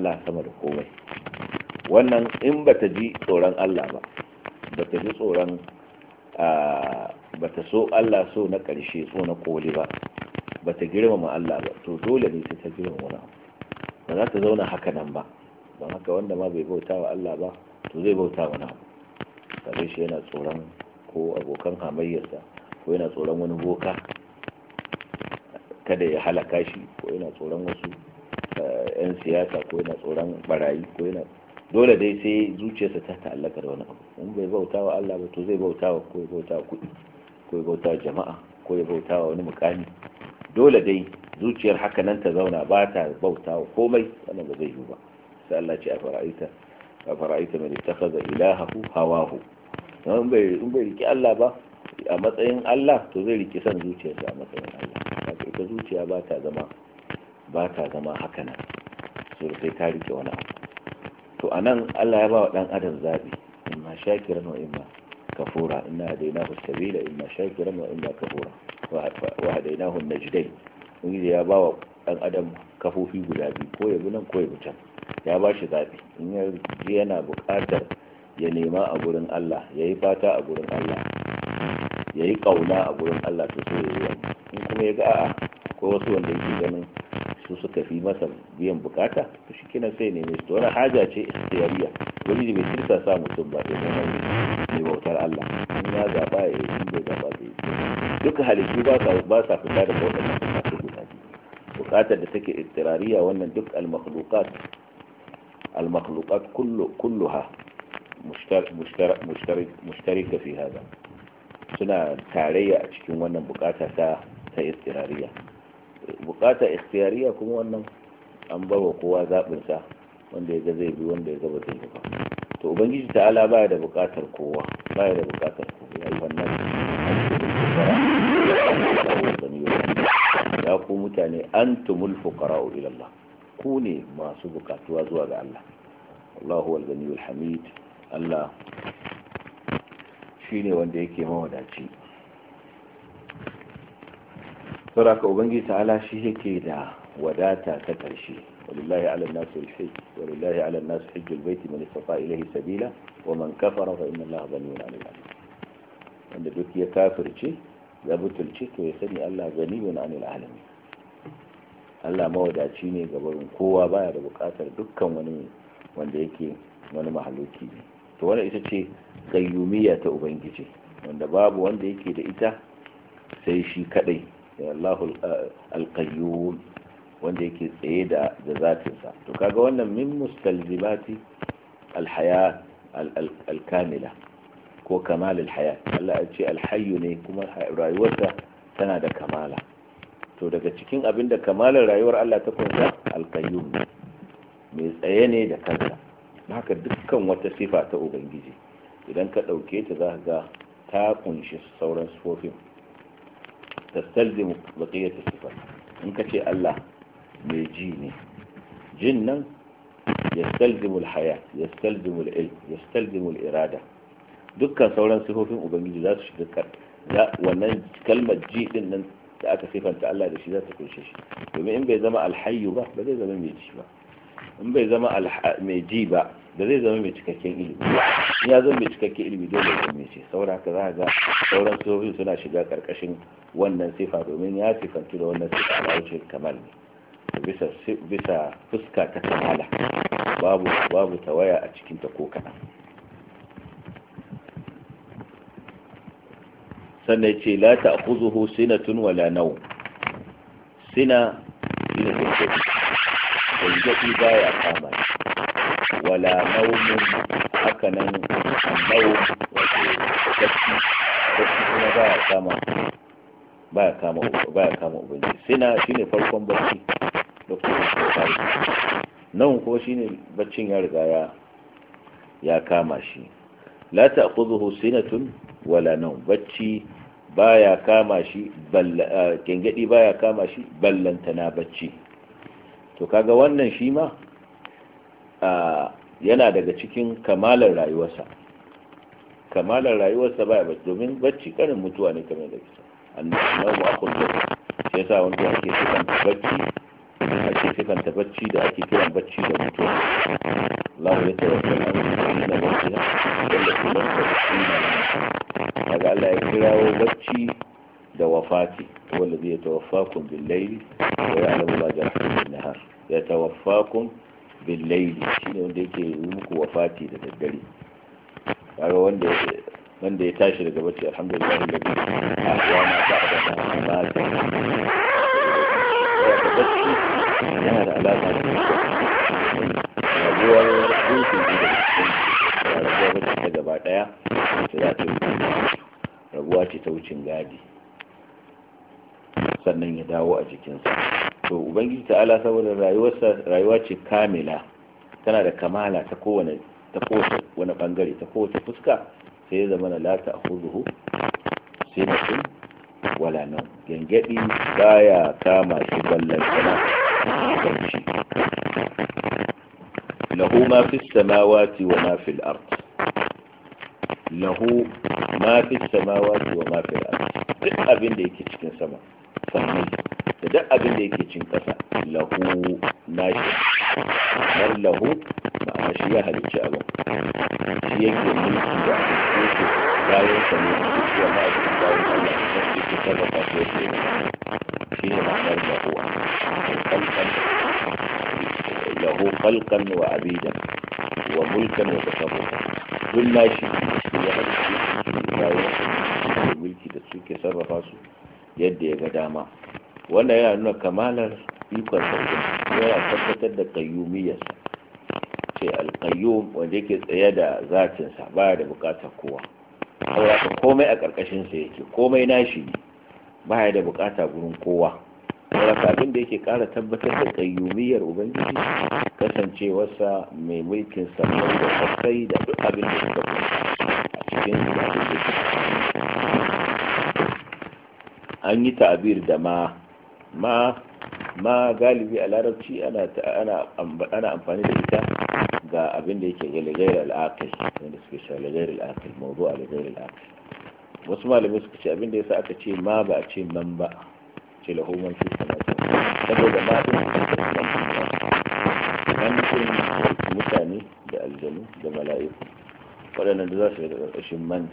Allah sama da komai wannan in bata ji tsoron Allah ba bata ji tsoron bata so Allah so na ƙarshe so na koli ba bata girmama Allah ba to dole ne sai ta girmama ba za ta zauna haka nan ba ba haka wanda ma bai bauta wa Allah ba to zai bauta wa ba, kare shi yana tsoron ko abokan hamayyarsa ko yana tsoron wani boka kada ya halaka shi ko yana tsoron wasu 'yan siyasa ko yana tsoron barayi ko yana dole dai sai zuciyarsa ta ta'allaka da wani abu in bai bauta wa Allah ba to zai bauta wa ko ya bauta wa kuɗi ko ya bauta wa jama'a ko ya bauta wa wani mukami dole dai zuciyar haka nan ta zauna ba ta bauta wa komai wannan ba zai yi ba sai Allah ce a fara'ita a fara'ita mai ittakhadha ilahahu hawahu in bai in bai riki Allah ba a matsayin Allah to zai riki san zuciyarsa a matsayin Allah haka ita zuciya ba ta zama ba ta zama haka nan da sai ka rike wani abu to anan Allah ya ba wa ɗan adam in ma shakiran wa imma kafura inna hadainahu sabila imma shakiran wa imma kafura wa hadainahu najdain in ya ba wa ɗan adam kafofi guda biyu ko ya bi nan ko ya bi can ya ba shi zaɓi in ya ji yana buƙatar ya nema a gurin Allah ya yi fata a gurin Allah ya yi ƙauna a gurin Allah to sai ya yi in kuma ya ga a'a ko wasu wanda yake ganin su suka fi masa biyan bukata to shi kina sai ne su wani haja ce istiyariya wani da bai tirsa sa mutum ba da zama mai bautar Allah in ya zaba ya yi bai zaba da yi duka halittu ba sa fita daga waɗannan bukatu guda biyu bukatar da take istirariya wannan duk al-makhluqat al-makhluqat kulluha mushtarika fi hada suna tarayya a cikin wannan bukata ta ta istirariya bukata ikhtiyariya kuma wannan an ba wa kowa zaɓin sa wanda ya ga zai bi wanda ya ga ba zai bi ba to ubangiji ta'ala baya da bukatar kowa baya da bukatar kowa ya yi wannan ya ku mutane antumul fuqara ila Allah ku ne masu bukatuwa zuwa ga Allah Allahu al-Ghaniyul Hamid Allah shine wanda yake mawadaci saboda ubangiji ta'ala shi yake da wadata ta karshe walillahi ala nasu alhajj walillahi ala nasu hajjul baiti man istata ilayhi sabila wa man kafara fa inna allaha ghaniyun 'anil 'alamin wanda duk ya kafirce ya butulce to ya sani Allah gani 'anil 'alamin Allah mawadaci ne ga barin kowa baya da bukatar dukkan wani wanda yake wani mahaluki ne to wannan ita ce gayyumiyya ta ubangiji wanda babu wanda yake da ita sai shi kadai Allahu uh, al-qayyum wanda yake tsaye da da zatinsa to kaga wannan min mustalzimati al-haya al-kamila ko kamal al-haya Allah ya ce al hayy ne kuma rayuwarsa tana da kamala to daga cikin abin da kamalar rayuwar Allah ta kunsa al-qayyum mai tsaye ne da kansa haka dukkan wata sifa ta ubangiji idan ka dauke ta za ga ta kunshi sauran sufofin تستلزم بقية الصفات إنك شيء الله بيجيني جنا يستلزم الحياة يستلزم العلم يستلزم الإرادة دكا صورا سيفوفين وبنجي لا تشتذكر لا ونن كلمة جي لنن تأتى صفة أنت الله دشي ذاتك وشيش يومي إن الحي بقى بدي زمان يجيش بقى in bai zama mai ji ba da zai zama mai cikakken ilimi ya zama mai cikakken ilimi dole ya mai ce saura ka za ga sauran sojoji suna shiga karkashin wannan sifa domin ya sifantu da wannan sifa a wuce kamal ne bisa fuska ta kamala babu babu tawaya a cikin ta ko kaɗan sannan ce la ta'khuzuhu sinatun wala nau sina sina zazzaɓi ya kama wala naumin haka nan wato bacci bacci kuma ya kama baya kama baya kama ubangiji sina shine farkon bacci da kuma kokari nan ko shine baccin ya riga ya ya kama shi la ta'khudhuhu sinatun wala nawm bacci baya kama shi balla kengedi eh, baya kama shi ballantana bacci to kaga wannan shi ma yana daga cikin kamalar rayuwarsa kamalar rayuwarsa baya ba domin bacci karin mutuwa ne kamar da kisa annabi a kullum shi yasa wanda ake sikan bacci ake sikan bacci da ake kiran bacci da mutuwa Allah ya tawakkal ala sayyidina wa sallallahu alaihi da sallam daga Allah ya kirawo bacci da wafati wanda zai tawaffakum bil layli wa ya'lamu ma jarahtum bin nahar ya tawaffakum bil layli shine wanda yake yi muku wafati da daddare kaga wanda wanda ya tashi daga bacci alhamdulillah alladhi ahwana ba'da ma mata ya bacci yana da alaka da rabuwar dukkan da rabuwar bacci gaba daya ta rabuwa ce ta wucin gadi sannan ya dawo a jikinsa to ubangiji ta'ala saboda rayuwarsa rayuwa ce kamila tana da kamala ta kowane ta kowace wani bangare ta kowace fuska sai ya zama na lata a huzuhu sai mutum wala nan gangadi baya kama shi ballan sana kanci lahu ma fi samawati wa ma fil ard lahu ma fi samawati wa ma fil ard duk abin da yake cikin sama sammai da duk abin da yake cin ƙasa lahu nashi mar lahu ma'ana shi ya halicci abin shi yake mulki da abin yake bayan sa ne da cewa ma'aikin bayan Allah da yake sarrafa shi yake shi ne ma'anar lahu kalkan lahu kalkan wa abidan wa mulkan wa tasarrufa duk nashi ya halicci bayan mulki da suke sarrafa su yadda ya ga dama wannan yana nuna kamalar ikon ya yana tabbatar da kayyumiyar ce alkayyum wanda yake tsaye da zatinsa baya da bukatar kowa saboda komai a sa yake komai nashi ne baya da bukata gurin kowa saboda abin da yake ƙara tabbatar da kayyumiyar ubangiji kasancewarsa mai mulkin samar da sassai da duk abin da suka a cikin abin da an yi ta'abir da ma ma ma galibi a larabci ana ana amfani da ita ga abin da yake ga lagayar al'aqil wanda suke shi lagayar gairar al'aqil a lagayar gairar wasu malamai suka ce abin da yasa aka ce ma ba a ce man ba ce lahu man fi samawati saboda ma din an kun mutane da aljanu da mala'iku waɗannan da za su yi da ƙarƙashin man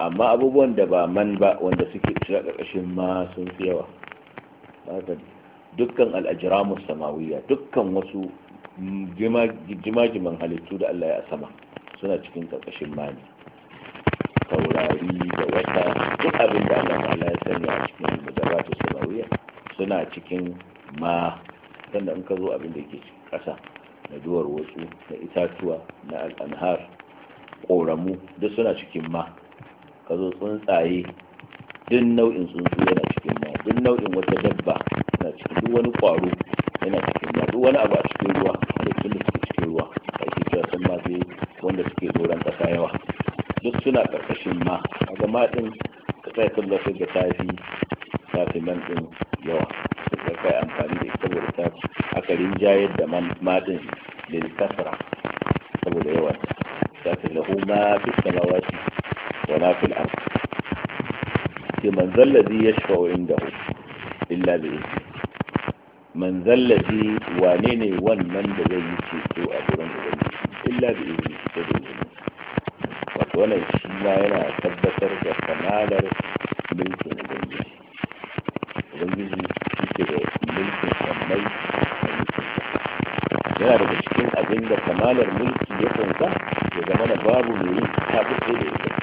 amma abubuwan da ba man ba wanda suke shiga ƙarƙashin ma sun fi yawa dukkan al'ajiramu samawiya dukkan wasu jimajiman halittu da Allah ya sama suna cikin ƙarƙashin ne. taurari da wata duk abin da Allah ya sanya a cikin mujabatu samawiya suna cikin ma sannan in ka zo abin da ke ƙasa na duwar wasu na itatuwa na al'anhar ƙoramu duk suna cikin ma ka zo tsuntsaye duk nau'in tsuntsu yana cikin ma duk nau'in wata dabba yana cikin duk wani kwaro yana cikin ma duk wani abu a cikin ruwa halittun da suke cikin ruwa a yake cewa sun ma sai wanda suke doron ƙasa yawa duk suna ƙarƙashin ma a gama ɗin ka sai kan zafi ga tafi tafi man ɗin yawa sai kai amfani da ita saboda ta aka jayar da man maɗin da kasara saboda yawa ta fi lahu ma fi samawati لنا في الأرض من ذا الذي يشفع عنده إلا بإذنه من ذا الذي وانيني ونمن بذي يشيطو أبونا بذي إلا بإذنه تدعونه وتولى الشيما ينا تبتر وكمالر ملك نبيه ubangiji shi ملك da mulkin sammai yana daga cikin abin da kamalar mulki ya kunsa ya zama da babu mai yin kafin da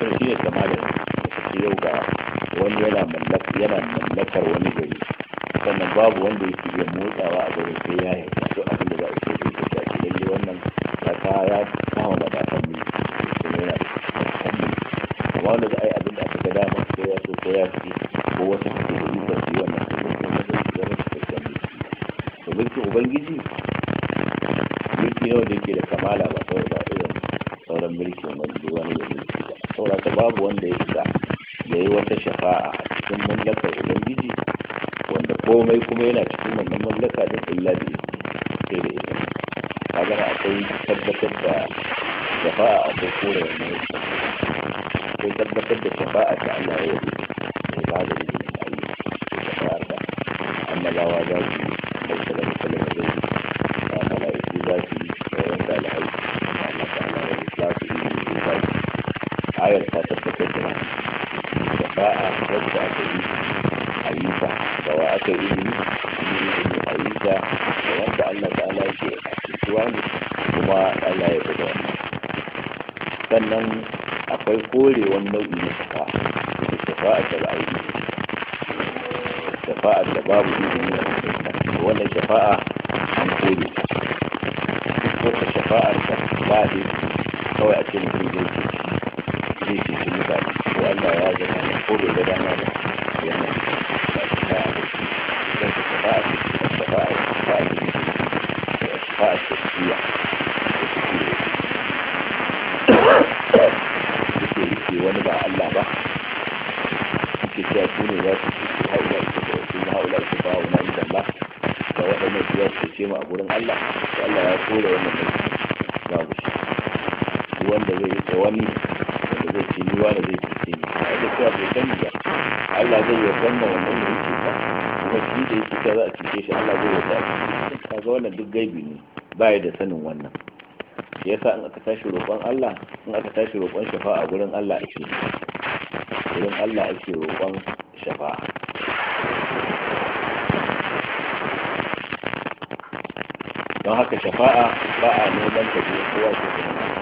sarki shi ne kama da yau ga wani yana mallakar wani gari sannan babu wanda yake iya motsawa a gari sai ya yarda to abin da za a ce zai ta ce lalle wannan ta ya kawo da kakan mu to yana kakan wanda za a yi abin da aka ga dama ya so ko ya ko wasu suke da wannan su ne kuma da to mulkin ubangiji mulki yake da kamala ba kawai ba irin sauran mulkin wani wani da mulki saboda babu wanda ya isa ya yi wata shafa'a a cikin mallakar ubangiji wanda komai kuma yana cikin wannan mallaka da illa da sai da ita kaga akwai tabbatar da shafa'a akwai kore wannan akwai tabbatar da shafa'a ta Allah ya yi da ba da izinin Allah shafa'ar da annabawa za su yi da sallallahu alaihi da ilimi ilimi da ayyuka da wanda Allah ta'ala yake cutuwa ne kuma Allah ya bada wannan sannan akwai kore wani nau'i na safa safa'ar da ba'a yi safa'ar da babu ilimi a cikin wannan shafa'a an kore wata shafa'ar da ba ne kawai a cikin mutum zai ce zai ce mutane ko Allah ya zama kore da dama da yana baki suke wani ba Allah ba suke ne za su ce da wasu haula ba wani Allah da a Allah wanda zai yi wani wanda zai ce ni wani zai ce ni a duk da bai sani ba Allah zai yi wanda wannan da yake ba kuma shi da yake ta za a cike shi Allah zai yi ka ga wannan duk gaibi ne ya da sanin wannan shi sa in aka tashi roƙon Allah in aka tashi roƙon shafa'a gurin Allah ake gurin Allah ake roƙon shafa'a don haka shafa'a ba a neman ta kowa ke kuma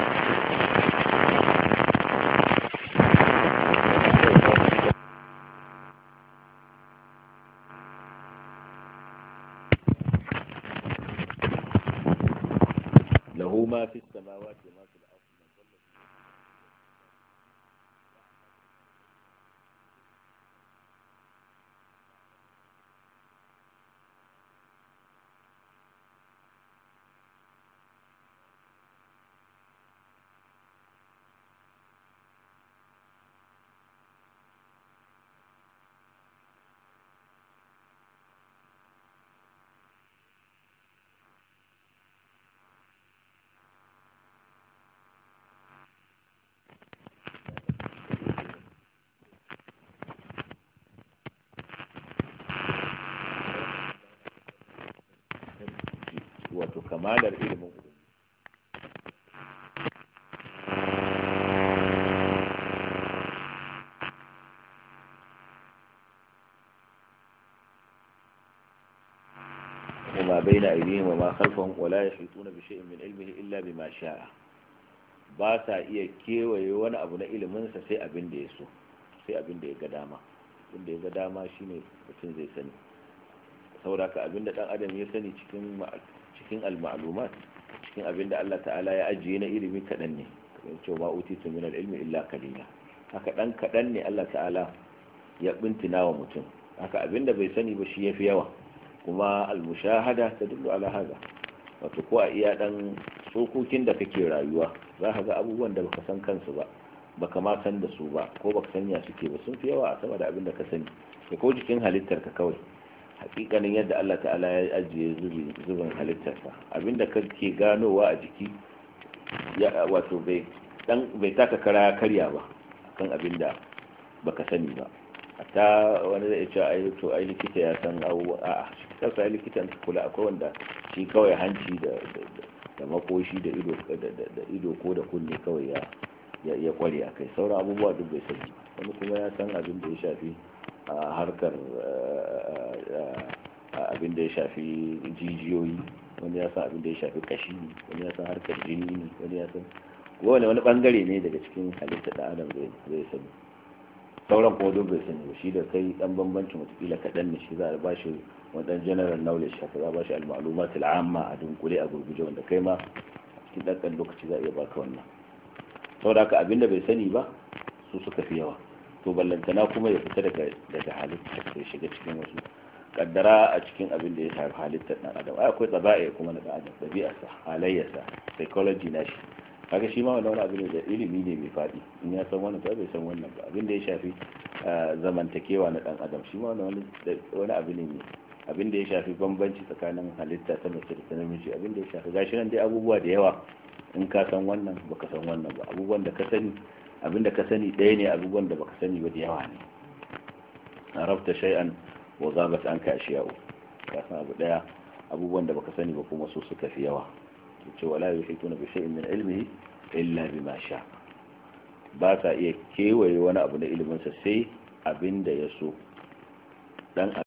wato kamalar ilimin uku ما بين أيديهم وما خلفهم ولا يحيطون بشيء من علمه إلا بما شاء ba sa iya kewaye wani abu na iliminsa sai abin da ya so sai abin da ya ga dama abin da ya ga dama mutum zai sani saboda dan adam ya sani cikin cikin al-ma'lumat cikin abinda Allah ta'ala ya ajiye na ilimi kadan ne kamar cewa ma utitu min al-ilmi illa qalila haka dan kadan ne Allah ta'ala ya bintina wa mutum haka abinda bai sani ba shi yafi yawa kuma al-mushahada tadullu ala haza wato ko a iya dan tsokokin da kake rayuwa za ka ga abubuwan da baka san kansu ba baka ma san da su ba ko baka sanya suke ba sun fi yawa a sama da abin da ka sani ko jikin halittar ka kawai hakikanin yadda Allah ta'ala ya ajiye zubin halittarsa abinda kake ganowa a jiki wato bai taka kara karya ba akan abinda baka sani ba a ta wani zai ce yi to likita ya san a a yi likita likitan kula akwai wanda shi kawai hanci da makoshi da ido ko da kunne kawai ya ya kware a kai sauran abubuwa duk bai sani wani kuma ya san abin da ya shafi a harkar eh, abin da ya shafi jijiyoyi wani ya san abin da ya shafi kashi ne wani ya san harkar jini wani ya san wani wani bangare ne daga cikin halitta da adam zai sani sauran kuma duk bai sani ba shi da kai dan bambancin watakila kaɗan ne shi za a ba shi wadan general knowledge haka za a ba shi al maluma al-amma a dunkule a gurguje wanda kai ma cikin ɗan lokaci za a iya baka wannan saboda haka abin da bai sani ba su suka fi yawa to ballantana kuma ya fita daga halitta shiga cikin wasu kaddara a cikin abin da ya shafi halittar dan adam ai akwai tsaba'i kuma na dan adam dabi'arsa halayyarsa psychology na shi kaga shi ma wannan wani abin da ilimi ne mai faɗi in ya san wannan bai san wannan ba abin da ya shafi eh, zamantakewa na dan adam shi ma wani abin ne abin da ya shafi bambanci tsakanin halitta ta mace da ta namiji abin da ya shafi gashi nan dai abubuwa da yawa in ka san wannan baka san wannan ba abubuwan da ka sani abin da ka sani ɗaya ne abubuwan da baka sani ba da yawa ne arabta shay'an wa gabat an ka ashiya'u ka san abu daya abubuwan da baka sani ba kuma su suka fi yawa ce wala yuhituna bi shay'in min ilmihi illa bima sha ba sa iya kewaye wani abu na sa sai abin da ya so dan